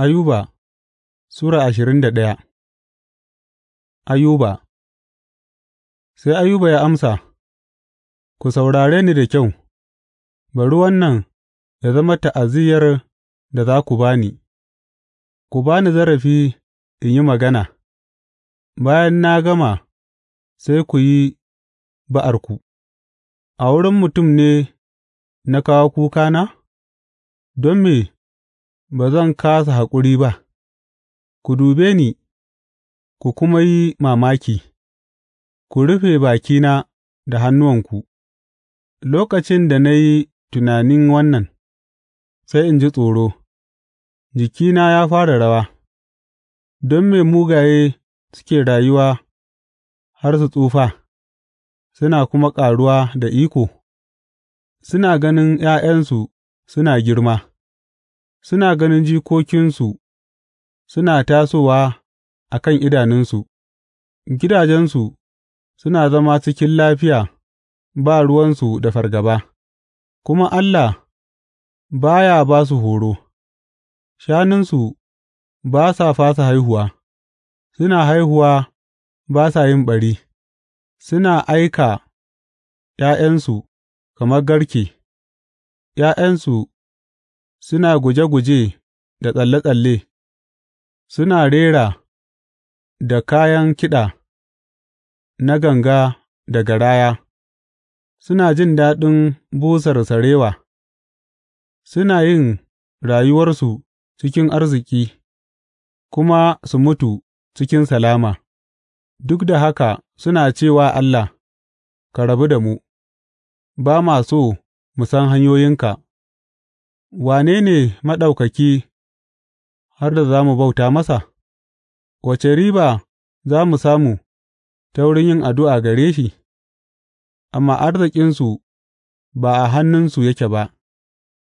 Ayuba Sura ashirin da ɗaya. Ayuba Sai Ayuba ya amsa, Ku saurare ni da kyau, bari wannan ya zama ta'aziyyar da za ku ba ni, ku ba ni zarafi in yi magana, bayan na gama sai ku yi ba'arku, a wurin mutum ne na kawo kuka na? Don me ba zan kāsa haƙuri ba; ku dube ni ku kuma yi mamaki, ku rufe bakina da hannuwanku, lokacin da na yi tunanin wannan, sai in ji tsoro, jikina ya fara rawa, don me mugaye suke rayuwa har su tsufa, suna kuma ƙaruwa da iko, suna ganin ’ya'yansu suna girma. Suna ganin jikokinsu suna tasowa a kan idanunsu, gidajensu suna zama cikin lafiya ba ruwansu da fargaba, kuma Allah ba ya ba su horo; shanunsu ba sa fasa haihuwa, suna haihuwa ba sa yin ɓari, suna aika ’ya'yansu kamar garke, ’ya'yansu suna guje guje da tsalle tsalle, suna rera da kayan kiɗa na ganga da garaya, suna jin daɗin busar sarewa, suna yin rayuwarsu cikin arziki, kuma su mutu cikin salama, duk da haka suna cewa Allah, Ka rabu da mu, ba ma so mu san hanyoyinka. Wane ne Maɗaukaki har da za mu bauta masa? Wace riba za mu samu ta wurin yin addu'a gare shi? Amma arzikinsu ba a hannunsu yake ba,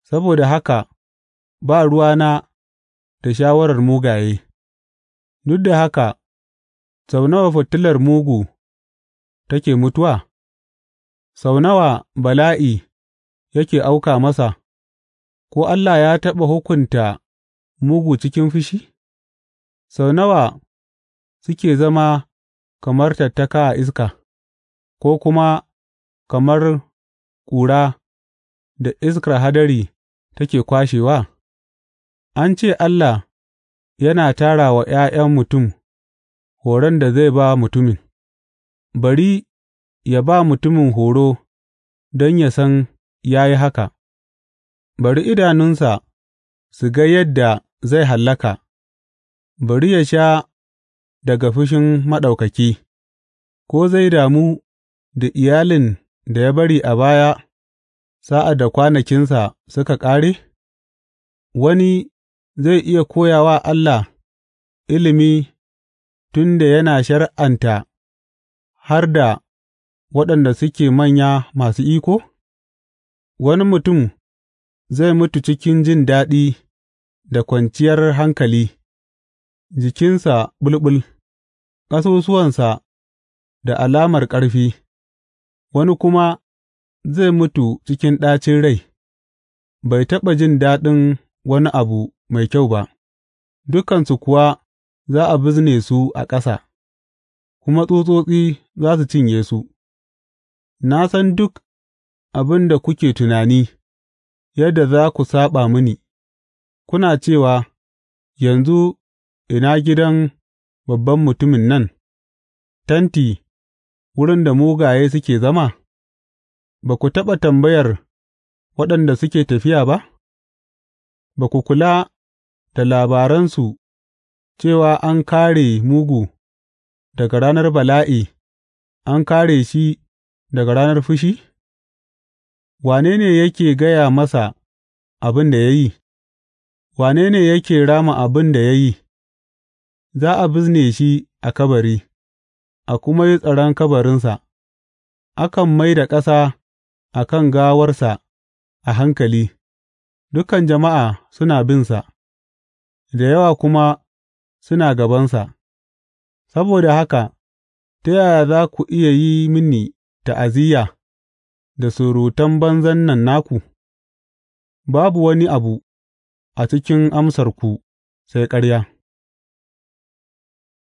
saboda haka ba ruwana da shawarar mugaye, duk da haka sau nawa fitilar mugu take mutuwa, sau nawa bala'i yake auka masa. Ko Allah ya taɓa hukunta mugu cikin fushi? Sau nawa suke zama kamar tattaka a iska, ko kuma kamar ƙura da iskar hadari take kwashewa? An ce Allah yana tara wa ’ya'yan mutum horon da zai ba mutumin, bari ya ba mutumin horo don ya san ya yi haka. Bari idanunsa su ga yadda zai hallaka; bari ya sha daga fushin Maɗaukaki, ko zai damu da iyalin da ya bari a baya sa'ad da kwanakinsa suka ƙare? Wani zai iya koya wa Allah ilimi tun da yana shar'anta har da waɗanda suke manya masu iko? Wani mutum. zai mutu cikin jin daɗi da kwanciyar hankali, jikinsa ɓulɓul, ƙasusuwansa da alamar ƙarfi, wani kuma zai mutu cikin ɗacin rai, bai taɓa jin daɗin wani abu mai kyau ba, dukansu kuwa za a bizne su a ƙasa, kuma tsutsotsi za su cinye su. Na san duk abin da kuke tunani. yadda za ku saɓa mini, kuna cewa, Yanzu ina gidan babban mutumin nan, Tanti wurin da mugaye suke zama? Ba ku taɓa tambayar waɗanda suke tafiya ba? Ba ku kula da labaransu cewa an kare mugu daga ranar bala'i, an kare shi daga ranar fushi? Wane ne yake gaya masa abin da ya yi, wane ne yake rama abin da ya yi, Za a bizne shi a kabari, a kuma yi tsaron kabarinsa; akan mai da ƙasa a kan gawarsa a hankali, dukan jama'a suna binsa, da yawa kuma suna gabansa, saboda haka ta yaya za ku iya yi mini ta'aziyya? da surutan banzan nan naku? Babu wani abu a cikin amsarku sai ƙarya.